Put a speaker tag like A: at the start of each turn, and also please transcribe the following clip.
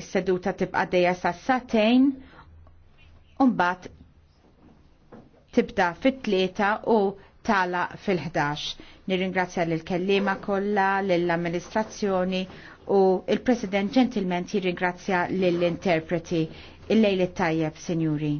A: Is-seduta tibqa' dejja sa' satejn u mbagħad tibda fit-tlieta u tala fil-11. Nirringrazzja lil kellima kollha, lill-amministrazzjoni u il-President ġentilment jirringrazzja lill-interpreti. Il-lejl tajjeb, Sinjuri.